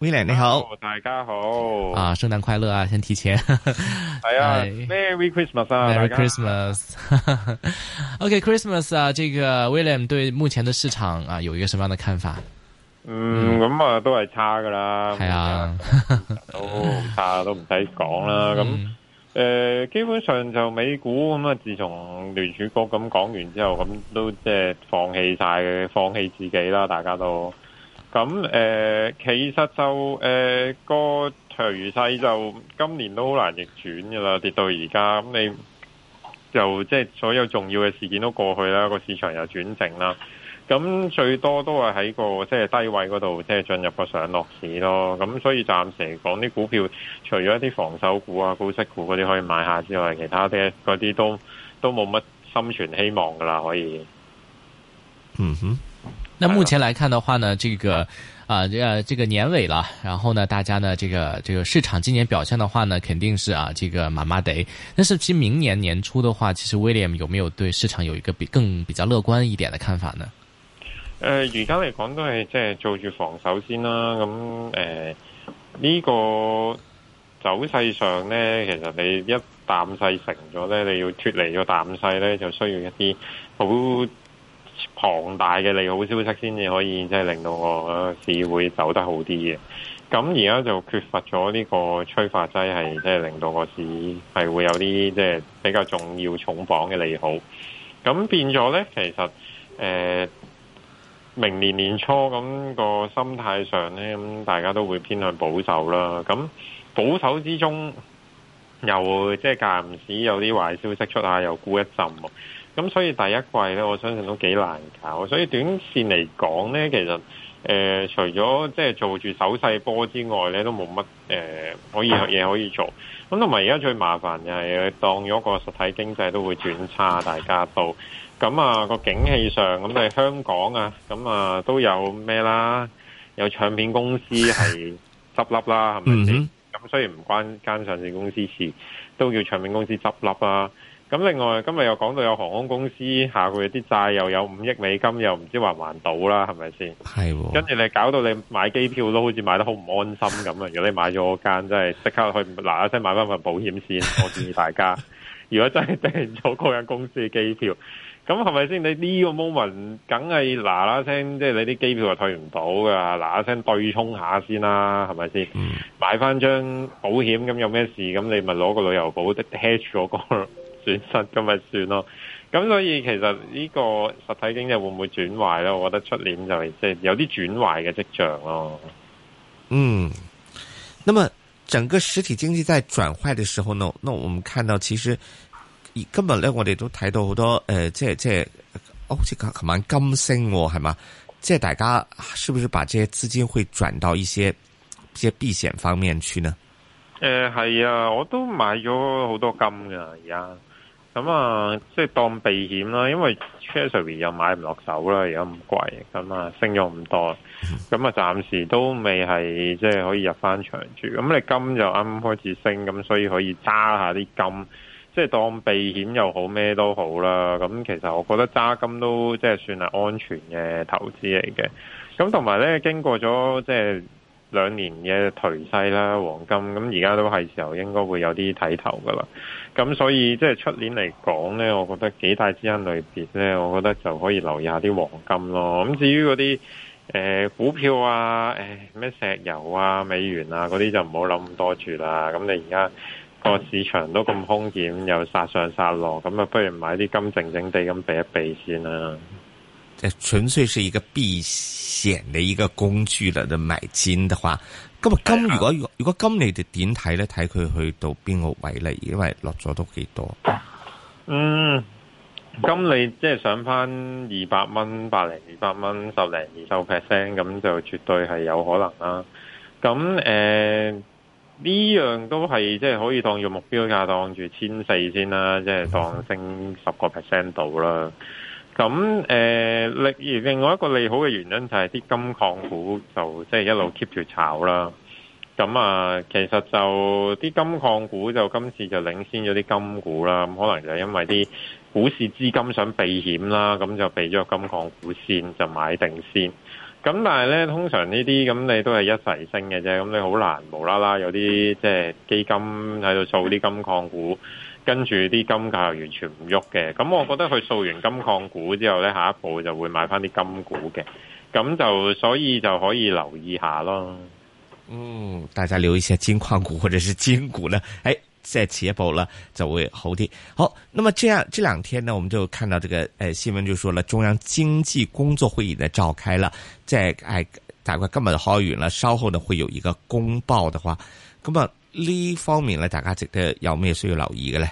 威廉你好，Hello，大家好啊！聖誕快樂啊，先提前係 啊 ，Merry Christmas 啊，Merry Christmas，OK Christmas 啊，這個 William 對目前的市場啊，有一個什麼樣的看法？嗯，咁、嗯、啊、嗯、都係差噶啦，係啊，啊 都差都唔使講啦，咁誒、嗯呃、基本上就美股咁啊，自從聯儲局咁講完之後，咁都即係放棄晒，放棄自己啦，大家都。咁誒、呃，其實就誒、呃個頹勢就今年都好難逆轉噶啦，跌到而家咁你就即係所有重要嘅事件都過去啦，個市場又轉正啦。咁最多都係喺、個即係、即係、低位嗰度，即係進入個上落市咯。咁所以暫時嚟講，啲股票除咗一啲防守股啊、高息股嗰啲可以買下之外，其他啲嗰啲都都冇乜心存希望噶啦，可以。嗯哼。那目前來看的話呢，這個，啊、呃，這個年尾了，然後呢，大家呢，這個，這個市場今年表現的話呢，肯定是啊，這個麻麻地。但是其實明年年初的話，其實 William 有沒有對市場有一個比更比較樂觀一點的看法呢？誒、呃，而家嚟講都係即係做住防守先啦。咁誒，呢、呃這個走勢上呢，其實你一淡勢成咗咧，你要脫離一個淡勢咧，就需要一啲好。龐大嘅利好消息先至可以，即係令到個市會走得好啲嘅。咁而家就缺乏咗呢個催化劑，係即係令到個市係會有啲即係比較重要重磅嘅利好。咁變咗呢，其實誒、呃，明年年初咁、那個心態上呢，咁大家都會偏向保守啦。咁保守之中。又，即係間唔時有啲壞消息出下，又估一浸，咁所以第一季呢，我相信都幾難搞。所以短線嚟講呢，其實誒、呃，除咗即係做住手勢波之外呢，都冇乜誒可以嘢可以做。咁同埋而家最麻煩就係，當咗個實體經濟都會轉差，大家都咁啊個景氣上，咁你香港啊，咁啊都有咩啦？有唱片公司係執笠啦，係咪的雖然唔關間上市公司事，都叫長命公司執笠啊！咁另外今日又講到有航空公司下個月啲債又有五億美金，又唔知還唔還到啦，係咪先？係跟住你搞到你買機票都好似買得好唔安心咁啊！如果你買咗嗰間，真係即刻去嗱一聲買翻份保險先，我建議大家。 如果真係訂咗嗰間公司嘅機票，咁係咪先？你呢個 moment 梗係嗱啦聲，即係你啲機票係退唔到噶，嗱啦聲對沖下先啦，係咪先？嗯、買翻張保險咁有咩事？咁你咪攞個旅遊保的 hedge 咗、那個損失咁咪算咯。咁所以其實呢個實體經濟會唔會轉壞咧？我覺得出年就係即係有啲轉壞嘅跡象咯。嗯，那麼。整個實體經濟在轉壞的時候呢，那我們看到其實根本咧我哋都睇到好多，誒、呃，即係即係，哦，即係可能金升喎、哦，係嘛？即係大家是不是把這些資金會轉到一些、一些避險方面去呢？誒、呃，係啊，我都買咗好多金㗎而家。咁啊，即係、嗯就是、當避險啦，因為 share 又買唔落手啦，而家咁貴，咁、嗯、啊升咗唔多，咁啊暫時都未係即係可以入翻場住。咁、嗯、你金就啱啱開始升，咁所以可以揸下啲金，即、就、係、是、當避險又好咩都好啦，咁、嗯、其實我覺得揸金都即係算係安全嘅投資嚟嘅。咁同埋咧經過咗即係。就是兩年嘅頹勢啦，黃金咁而家都係時候應該會有啲睇頭噶啦，咁所以即係出年嚟講呢，我覺得幾大資金類別呢，我覺得就可以留意一下啲黃金咯。咁至於嗰啲誒股票啊，誒、欸、咩石油啊、美元啊嗰啲就唔好諗咁多住啦。咁你而家個市場都咁凶險，又殺上殺落，咁啊不如買啲金靜靜地咁避一避先啦。誒，純粹是一個避險的一個工具嚟。的買金的話，咁金如果如果金你哋點睇呢？睇佢去到邊個位咧？因為落咗都幾多少。嗯，咁你即係上翻二百蚊，百零二百蚊，十零二十 percent 咁就絕對係有可能啦。咁誒，呢、呃、樣都係即係可以當作目標價，當住千四先啦，即、就、係、是、當升十個 percent 度啦。咁誒，利，而另外一個利好嘅原因就係啲金礦股就即係一路 keep 住炒啦。咁啊，其實就啲金礦股就今次就領先咗啲金股啦。咁可能就係因為啲股市資金想避險啦，咁就避咗金礦股先，就買定先。咁但係呢，通常呢啲咁你都係一齊升嘅啫。咁你好難無啦啦有啲即係基金喺度做啲金礦股。跟住啲金價完全唔喐嘅，咁我覺得佢掃完金礦股之後咧，下一步就會買翻啲金股嘅，咁就所以就可以留意下咯。嗯，大家留意下金礦股或者是金股咧，誒、哎，即係遲一步啦，就會好啲。好，那麼這樣這兩天呢，我們就看到這個誒、哎、新聞就說了，中央經濟工作會議呢召開了，即誒大個根本開完啦，稍後呢會有一個公報嘅話，咁啊呢方面咧，大家值得要有咩需要留意嘅咧？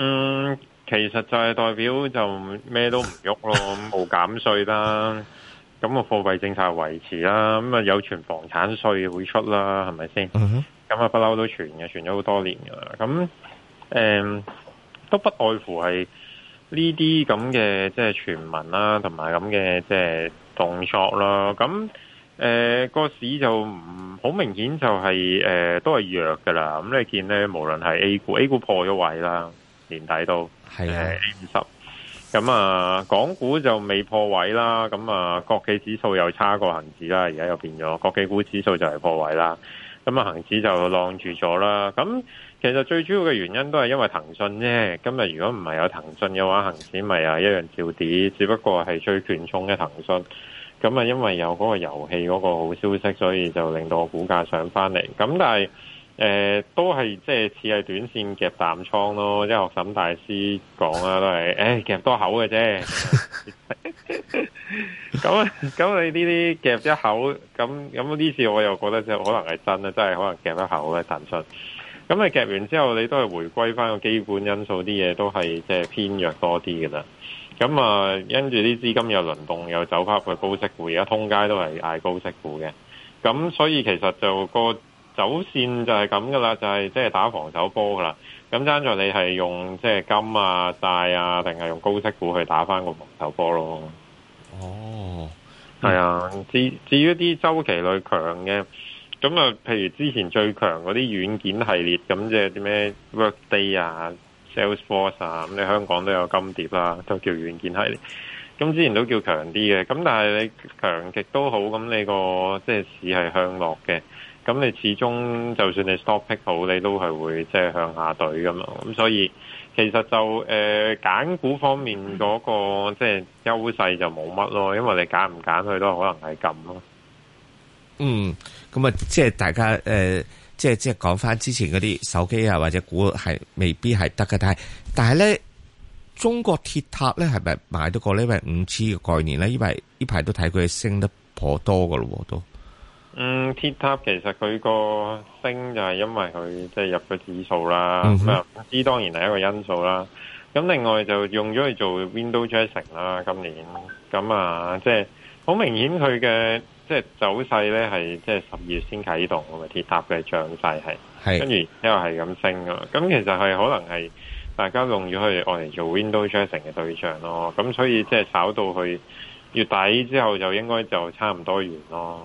嗯，其實就係代表就咩都唔喐咯，冇減稅啦，咁個貨幣政策係維持啦，咁啊有傳房產稅會出啦，係咪先？咁啊不嬲都傳嘅，傳咗好多年噶啦。咁誒、嗯，都不外乎係呢啲咁嘅即係傳聞啦，同埋咁嘅即係動作啦。咁誒、嗯，那個市就唔好明顯就係、是、誒、呃、都係弱噶啦。咁你見咧，無論係 A 股 A 股破咗位啦。年底都係五十，咁啊的的，港股就未破位啦，咁啊，國企指數又差過恒指啦，而家又變咗國企股指數就係破位啦，咁啊，恒指就浪住咗啦，咁其實最主要嘅原因都係因為騰訊啫，今日如果唔係有騰訊嘅話，恒指咪啊一樣調跌，只不過係最權重嘅騰訊，咁啊，因為有嗰個遊戲嗰個好消息，所以就令到股價上翻嚟，咁但係。誒、呃，都係即係似係短線夾淡倉咯，即係學沈大師講啦，都係誒夾多口嘅啫。咁啊， 咁你呢啲夾一口，咁咁呢次我又覺得就可能係真啦，真係可能夾一口嘅騰訊。咁你夾完之後，你都係回歸翻個基本因素，啲嘢都係即係偏弱多啲噶啦。咁啊，跟住啲資金又輪動，又走翻去高息股，而家通街都係嗌高息股嘅。咁所以其實就、那個。走線就係咁噶啦，就係即係打防守波噶啦。咁爭在你係用即係金啊、債啊，定係用高息股去打翻個防守波咯。哦，係、嗯、啊。至至於啲週期類強嘅，咁啊，譬如之前最強嗰啲軟件系列，咁即係啲咩 Workday 啊、Salesforce 啊，咁咧香港都有金碟啦，都叫軟件系列。咁之前都叫強啲嘅，咁但係你強極都好，咁你、個即係、就是、市係向落嘅。咁你始終就算你 stop pick 好，你都係會即係向下對咁嘛。咁所以其實就誒揀、呃、股方面嗰、那個即係、就是、優勢就冇乜咯，因為你揀唔揀佢都可能係咁咯。嗯，咁啊，即係大家誒，即係即係講翻之前嗰啲手機啊或者股係未必係得㗎。但係但係咧，中國鐵塔咧係咪買到個呢？因為五 G 嘅概念咧，因為呢排都睇佢升得頗多噶咯，都。嗯，鐵塔其實佢個升就係因為佢即係入咗指數啦，咁啊、嗯哼，呢當然係一個因素啦。咁另外就用咗去做 window dressing 啦，今年咁啊，即係好明顯佢嘅即係走勢咧係即係十二月先啟動嘅嘛，鐵塔嘅漲勢係，跟住因為係咁升咯。咁其實係可能係大家用咗去按嚟做 window dressing 嘅對象咯，咁所以即係炒到去月底之後就應該就差唔多完咯。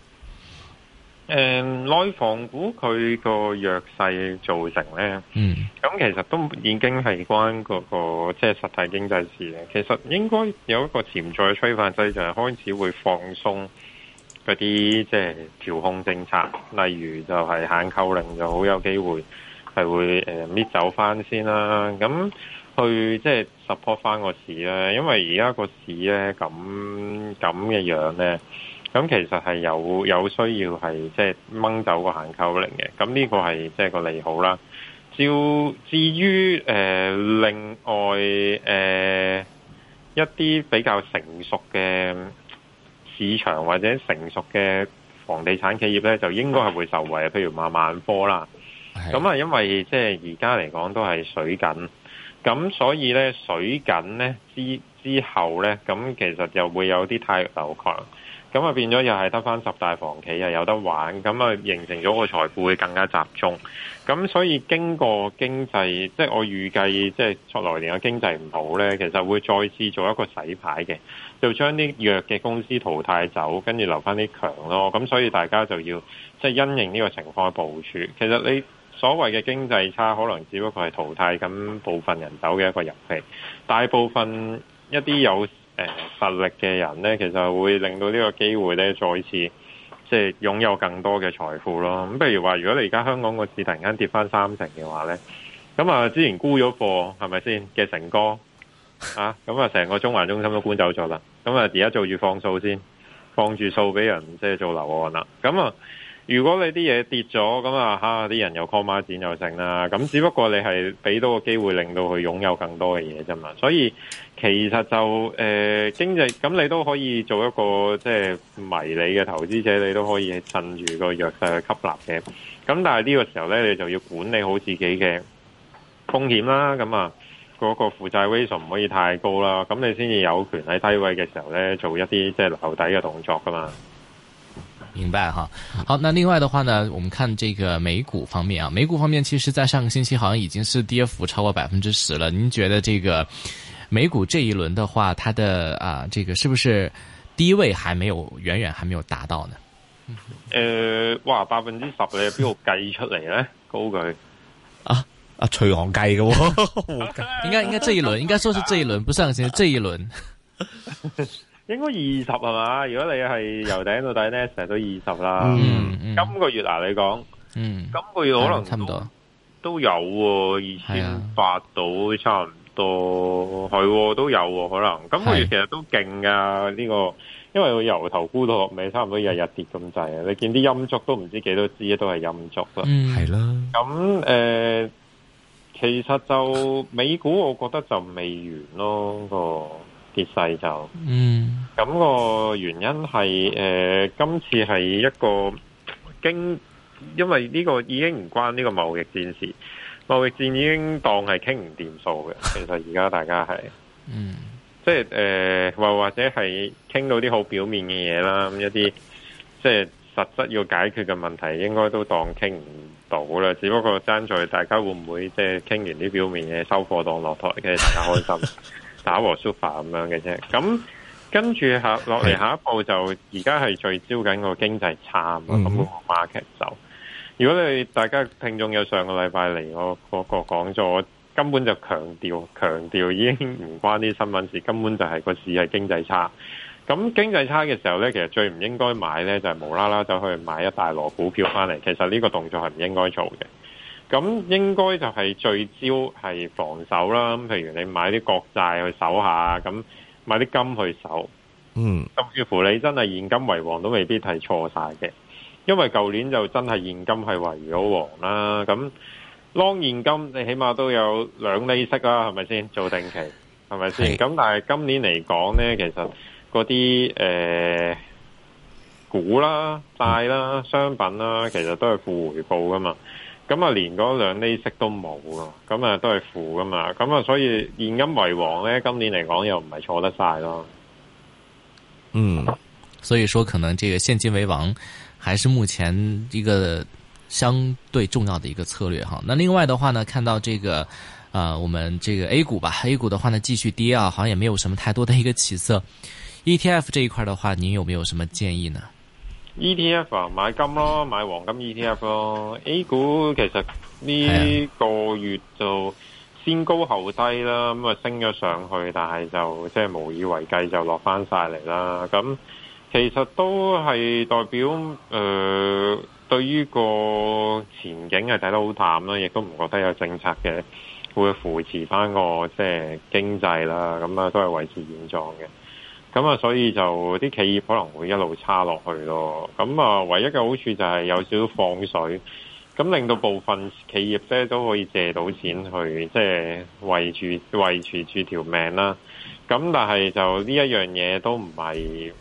誒內、呃、房股佢個弱勢造成咧，咁、嗯、其實都已經係關嗰、那個即係、就是、實體經濟事咧。其實應該有一個潛在嘅催化劑就係開始會放鬆嗰啲即係調控政策，例如就係限購令就好有機會係會搣、呃、走翻先啦。咁去即係、就是、support 翻個市咧，因為而家個市咧咁咁嘅樣咧。咁其實係有有需要係即係掹走個限購令嘅。咁呢個係即係個利好啦。照至於誒、呃、另外誒、呃、一啲比較成熟嘅市場或者成熟嘅房地產企業咧，就應該係會受惠譬是的 如話萬科啦，咁啊，因為即係而家嚟講都係水緊，咁所以咧水緊咧之之後咧，咁其實又會有啲太流強。咁啊，就變咗又係得翻十大房企又有得玩，咁啊，形成咗個財富會更加集中。咁所以經過經濟，即係我預計，即係出來年嘅經濟唔好呢，其實會再次做一個洗牌嘅，就將啲弱嘅公司淘汰走，跟住留翻啲強咯。咁所以大家就要即係因應呢個情況去部署。其實你所謂嘅經濟差，可能只不過係淘汰緊部分人走嘅一個遊戲，大部分一啲有實力嘅人呢，其實會令到呢個機會呢，再次即係擁有更多嘅財富咯。咁譬如話，如果你而家香港個市突然間跌翻三成嘅話呢，咁啊之前沽咗貨係咪先嘅成哥啊？咁啊成個中環中心都搬走咗啦。咁啊而家做住放數先，放住數俾人即係做樓案啦。咁啊。如果你啲嘢跌咗，咁啊吓，啲人又 call 孖展又剩啦。咁只不過你係俾到個機會令到佢擁有更多嘅嘢啫嘛。所以其實就誒、呃、經濟咁，你都可以做一個即係、就是、迷你嘅投資者，你都可以趁住個弱勢去吸納嘅。咁但係呢個時候咧，你就要管理好自己嘅風險啦。咁啊，嗰個負債 ratio 唔可以太高啦。咁你先至有權喺低位嘅時候咧，做一啲即係留底嘅動作噶嘛。明白哈，好，那另外的話呢，我們看這個美股方面啊，美股方面其實，在上個星期好像已經是跌幅超過百分之十了。您覺得這個美股這一輪的話，它的啊，這個是不是低位還沒有，遠遠還沒有達到呢？呃，哇，百分之十你邊度計出嚟呢？高舉啊啊，徐、啊、昂計嘅、哦， 應該應該這一輪，應該說是這一輪，不上個星期這一輪。 應該二十係嘛？如果你係由頂到底咧，成日都二十啦。嗯嗯。今個月嗱，你講，嗯，今個月可能差唔多都有二千八到，差唔多係，都有可能。今個月其實都勁噶，呢個因為由頭估到落尾，差唔多日日跌咁滯啊！你見啲陰燭都唔知幾多支，都係陰燭啦。係啦。咁誒，其實就美股，我覺得就未完咯個。跌勢就，嗯，咁個原因係，誒、呃，今次係一個經，因為呢個已經唔關呢個貿易戰事，貿易戰已經當係傾唔掂數嘅。其實而家大家係，嗯、 呃，即係，誒，或或者係傾到啲好表面嘅嘢啦，一啲即係實質要解決嘅問題，應該都當傾唔到啦，只不過爭在大家會唔會即係傾完啲表面嘢收貨當落台，跟住大家開心。 打和舒服咁樣嘅啫，咁跟住下落嚟下，下，下一步就而家係聚焦緊個經濟差，咁我 market 就，如果你大家聽眾有上個禮拜嚟我嗰個講座，根本就強調強調已經唔關啲新聞事，根本就係、是、個市係經濟差。咁經濟差嘅時候呢，其實最唔應該買呢就係、是、無啦啦走去買一大籮股票翻嚟，其實呢個動作係唔應該做嘅。咁應該就係聚焦係防守啦，咁譬如你買啲國債去守下，咁買啲金去守，嗯，甚至乎你真係現金為王都未必係錯晒嘅，因為舊年就真係現金係為咗王啦，咁當現金你起碼都有兩厘息啦，係咪先做定期，係咪先？咁是但係今年嚟講呢，其實嗰啲誒股啦、債啦、商品啦，其實都係負回報噶嘛。咁啊，連嗰兩厘息都冇啊，咁啊都係負噶嘛，咁啊所以現金為王呢，今年嚟講又唔係錯得晒咯。嗯，所以說可能這個現金為王還是目前一個相對重要的一個策略哈。那另外的話呢，看到這個，啊、呃，我們這個 A 股吧，A 股的話呢繼續跌啊，好像也沒有什麼太多的一個起色。ETF 這一塊的話，你有沒有什麼建議呢？E T F 啊，買金咯，買黃金 E T F 咯。A 股其實呢個月就先高後低啦，咁啊升咗上去，但係就即係無以為繼就來，就落翻晒嚟啦。咁其實都係代表誒、呃、對於個前景係睇得好淡啦，亦都唔覺得有政策嘅會扶持翻個即係經濟啦。咁啊都係維持現狀嘅。咁啊，所以就啲企業可能會一路差落去咯。咁啊，唯一嘅好處就係有少少放水，咁令到部分企業咧都可以借到錢去，即係維住維持住條命啦。咁但係就呢一樣嘢都唔係，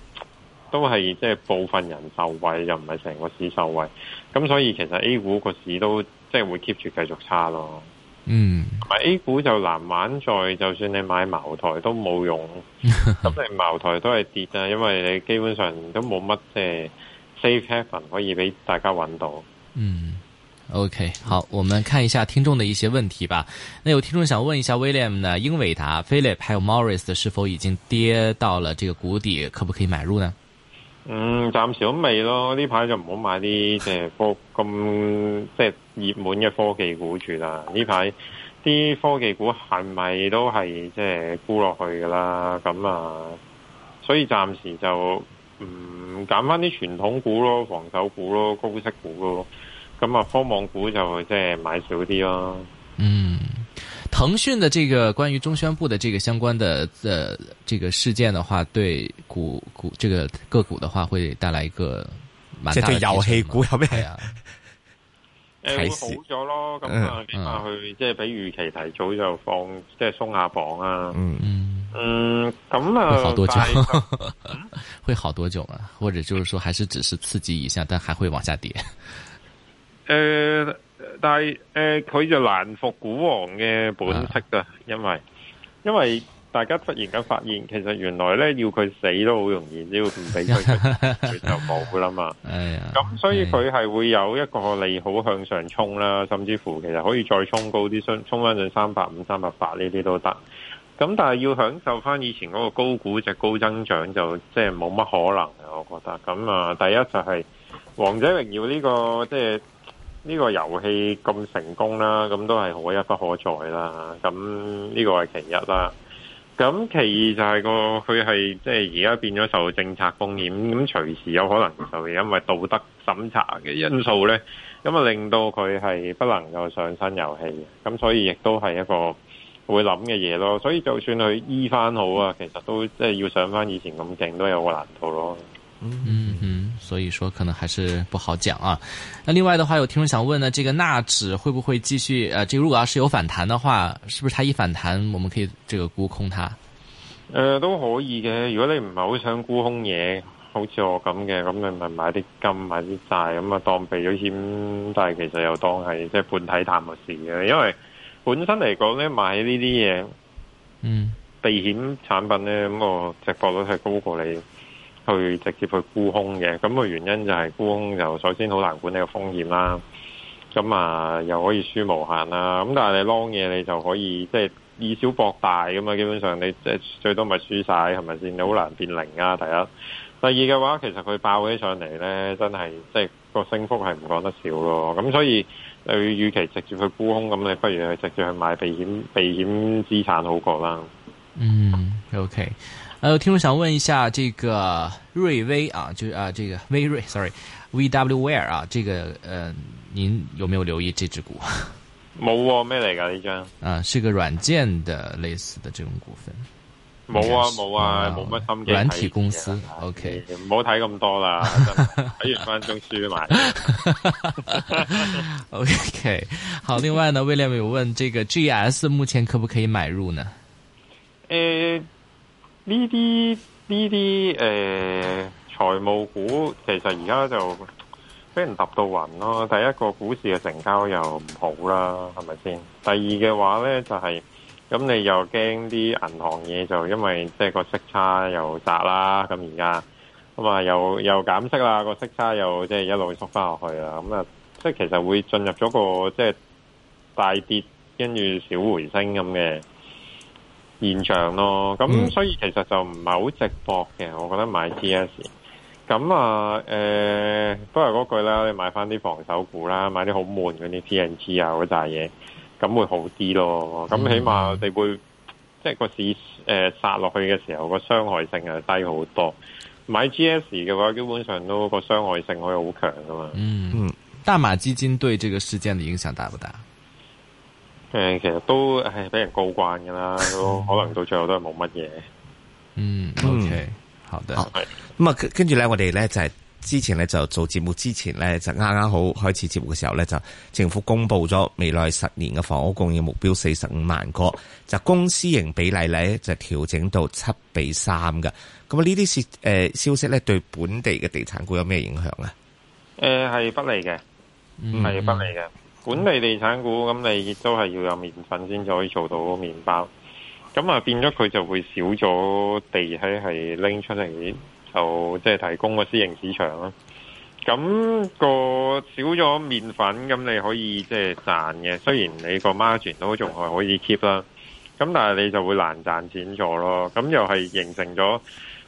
都係即係部分人受惠，又唔係成個市受惠。咁所以其實 A 股個市都即係、就是、會 keep 住繼續差咯。嗯，A 股就難玩在，就算你買茅台都冇用，咁你 茅台都係跌啊，因為你基本上都冇乜即係 safe haven 可以俾大家揾到。嗯，OK，好，我們看一下聽眾的一些問題吧。那有聽眾想問一下 William 呢，英偉達、Philip 還有 Morris 是否已經跌到了這個谷底，可不可以買入呢？嗯，暫時都未咯。呢排就唔好買啲即係科咁即係熱門嘅科技股住啦。呢排啲科技股係咪都係即係沽落去㗎啦？咁啊，所以暫時就唔揀翻啲傳統股咯，防守股咯，高息股咯。咁啊，科網股就即係買少啲咯。嗯。騰訊的這個關於中宣部的這個相關的呃這個事件的話，對股股這個個股的話，會帶來一個蠻大的。這對遊戲股有咩？誒、啊始呃，會好咗咯？咁啊，起碼佢即係比預期提早就放，即係鬆下綁啊。嗯嗯嗯，咁、嗯、啊，會好多久？ 會好多久啊？或者就是說，還是只是刺激一下，但還會往下跌？呃。但係，誒、呃，佢就難服股王嘅本色噶，因為因為大家忽然間發現，其實原來咧，要佢死都好容易，只要唔俾佢出，佢 就冇啦嘛。咁、哎、呀所以佢係會有一個利好向上衝啦，甚至乎其實可以再衝高啲，衝衝翻到三百五、三百八呢啲都得。咁但係要享受翻以前嗰個高估值、高增長就，就即係冇乜可能嘅。我覺得咁啊，第一就係《王者榮耀》，這個呢個即係。呢個遊戲咁成功啦，咁都係可一不可再啦。咁呢個係其一啦。咁其二就係個佢係即係而家變咗受政策風險，咁隨時有可能就因為道德審查嘅因素咧，咁啊令到佢係不能夠上新遊戲嘅。咁所以亦都係一個會諗嘅嘢咯。所以就算佢醫翻好啊，其實都即係要上翻以前咁勁都有個難度咯。嗯嗯，所以說可能還是不好講啊。那另外的話，有聽眾想問呢，這個納指會不會繼續？誒、呃，這個，如果要是有反彈的話，是不是它一反彈，我們可以這個沽空它？誒、呃，都可以嘅。如果你唔係好想沽空嘢，好似我咁嘅，咁你咪買啲金，買啲債，咁啊當避咗險。但係其實又當係即係半體淡嘅事嘅，因為本身嚟講呢，買呢啲嘢，嗯，避險產品呢，咁我直播率係高過你。去直接去沽空嘅，咁個原因就係沽空就首先好難管呢個風險啦，咁啊又可以輸無限啦，咁但係你 long 嘢你就可以即係以小博大咁啊，基本上你即係最多咪輸晒，係咪先？你好難變零啊！第一，第二嘅話，其實佢爆起上嚟呢，真係即係個升幅係唔講得少咯。咁所以你與其直接去沽空，咁你不如去直接去買避險避險資產好過啦。嗯，OK。呃，聽眾想問一下，這個瑞威啊，就是啊，這個威瑞，sorry，VWware 啊，這個呃，您有沒有留意這隻股？冇、啊，咩嚟噶呢張？啊，是個軟件的類似的這種股份。冇啊，冇啊，冇乜、啊啊、心軟體公司。啊、OK，唔好睇咁多啦，睇 完翻中書買。 OK，好。另外呢，威廉有問這個 GS 目前可不可以買入呢？誒、欸。呢啲呢啲誒財務股其實而家就俾人揼到暈咯，第一個股市嘅成交又唔好啦，係咪先？第二嘅話咧就係、是、咁，你又驚啲銀行嘢就因為即係、就是、個息差又窄啦，咁而家咁啊又又減息啦，那個息差又即係、就是、一路縮翻落去啦，咁啊即係其實會進入咗個即係、就是、大跌跟住小回升咁嘅。現場咯，咁所以其實就唔係好值博嘅。我覺得買 GS，咁啊，誒、呃，都係嗰句啦，你買翻啲防守股啦，買啲好悶嗰啲 PNG 啊嗰扎嘢，咁會好啲咯。咁起碼我哋會，嗯、即係個市誒殺落去嘅時候個傷害性係低好多。買 GS 嘅話，基本上都個傷害性可以好強噶嘛。嗯，大馬基金對這個事件嘅影響大不大？誒、呃，其實都係俾人告慣噶啦，都可能到最後都係冇乜嘢。嗯，OK，好的，咁啊。跟住咧，我哋咧就係、是、之前咧就做節目之前咧就啱啱好開始節目嘅時候咧就政府公布咗未來十年嘅房屋供應目標四十五萬個，就公私營比例咧就調整到七比三嘅。咁呢啲是誒、呃、消息咧對本地嘅地產股有咩影響咧？誒、呃，係不利嘅，係、嗯、不利嘅。管理地，地產股，咁你亦都係要有麵粉先至可以做到麵包。咁啊，變咗佢就會少咗地喺係拎出嚟，就即、是、係提供個私營市場咯。咁、那個少咗麵粉，咁你可以即係賺嘅。雖然你個 margin 都仲係可以 keep 啦，咁但係你就會難賺錢咗咯。咁又係形成咗。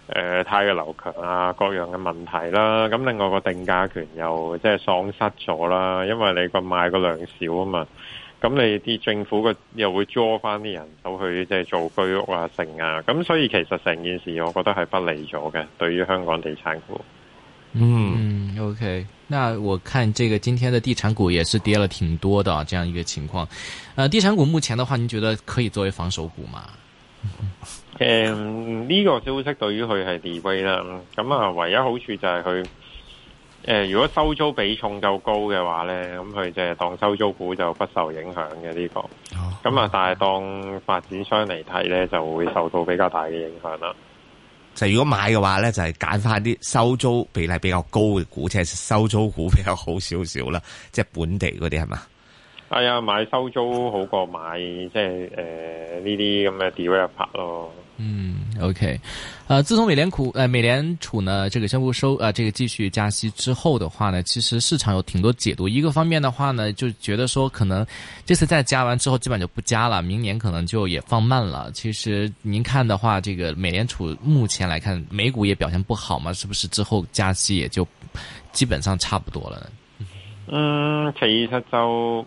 誒、呃，太嘅樓強啊，各樣嘅問題啦。咁另外個定價權又即係喪失咗啦，因為你個賣個量少啊嘛。咁你啲政府嘅又會捉翻啲人手去,去即係做居屋啊、剩啊。咁所以其實成件事我覺得係不利咗嘅，對於香港地產股。嗯，OK。那我看這個今天的地產股也是跌了挺多的、啊，這樣一個情況、呃。地產股目前的話，你覺得可以作為防守股嗎？嗯誒，呢、嗯這個消息對於佢係 degrade 啦，咁啊，唯一好處就係佢誒，如果收租比重夠高嘅話咧，咁佢就係當收租股就不受影響嘅呢、這個。咁啊、哦，但係當發展商嚟睇咧，就會受到比較大嘅影響啦。就如果買嘅話咧，就係揀翻啲收租比例比較高嘅股，即係收租股比較好少少啦，即係本地嗰啲係嘛。哎呀買收租好過買即係、就、誒、是、呢啲、呃、咁嘅 developer 咯。嗯，OK，呃自從美聯儲誒美聯儲呢，這個宣布收啊、呃，這個繼續加息之後的話呢，其實市場有挺多解讀。一個方面的話呢，就覺得說可能這次再加完之後，基本就不加了，明年可能就也放慢了。其實您看的話，這個美聯儲目前來看，美股也表現不好嘛，是不是之後加息也就基本上差不多了？嗯，嗯其實就。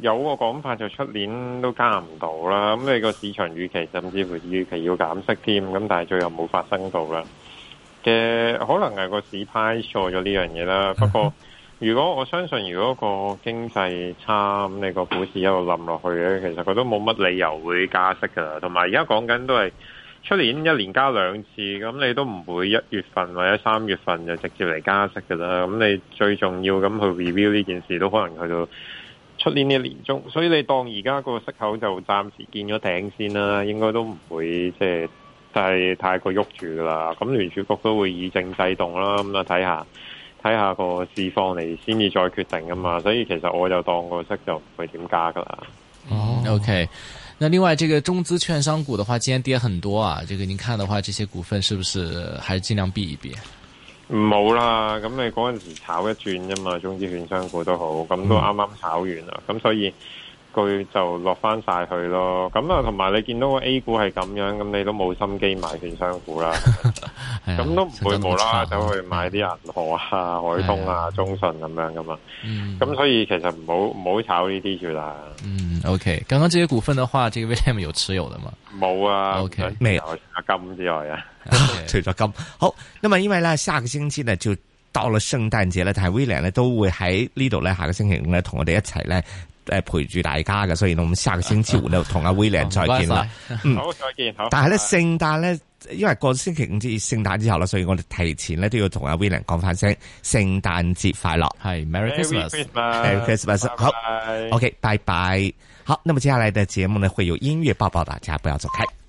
有個講法就出年都加唔到啦，咁你個市場預期甚至乎預期要減息添，咁但係最後冇發生到啦。嘅可能係個市拍錯咗呢樣嘢啦。 不過如果我相信，如果個經濟差，咁你個股市一路冧落去咧，其實佢都冇乜理由會加息噶啦。同埋而家講緊都係出年一年加兩次，咁你都唔會一月份或者三月份就直接嚟加息噶啦。咁你最重要咁去 review 呢件事，都可能去到年一年終，所以你當而家個息口就暫時見咗頂先啦，應該都唔會即係、呃、太太過喐住噶啦。咁聯儲局都會以正制動啦，咁啊睇下睇下個市況嚟先至再決定啊嘛。所以其實我就當個息就唔會點加噶啦。哦、oh.，OK。那另外，這個中資券商股的話，今天跌很多啊。這個您看的話，這些股份是不是還是盡量避一避？冇啦，咁你嗰陣時炒一轉啫嘛，總之券商股都好，咁都啱啱炒完啦，咁所以佢就落翻晒去咯。咁啊，同埋你見到個 A 股係咁樣，咁你都冇心機買券商股啦。咁 都唔會冇啦走去買啲銀河啊、海通啊、中信咁樣噶嘛。咁所以其實唔好唔好炒呢啲住啦。O、okay, K，剛剛這些股份的話，這個 William 有持有的嗎？冇啊，O K，未有阿金之外啊，Okay 有除咗金。好，那麼因為咧下個星期呢就到了聖誕節咧，但係 William 咧都會喺呢度咧下個星期五咧同我哋一齊咧誒陪住大家嘅，所以呢，我們下個星期五就同阿、啊、William 再見啦。 好，再見。好。但係咧聖誕咧，因為過星期五至聖誕節之後啦，所以我哋提前咧都要同阿 William 講返聲，聖誕節快樂，係 Merry Christmas，Merry Christmas，好，O K，拜拜。Okay, 好，那麼接下來的節目呢，會有音樂抱抱，大家不要走開。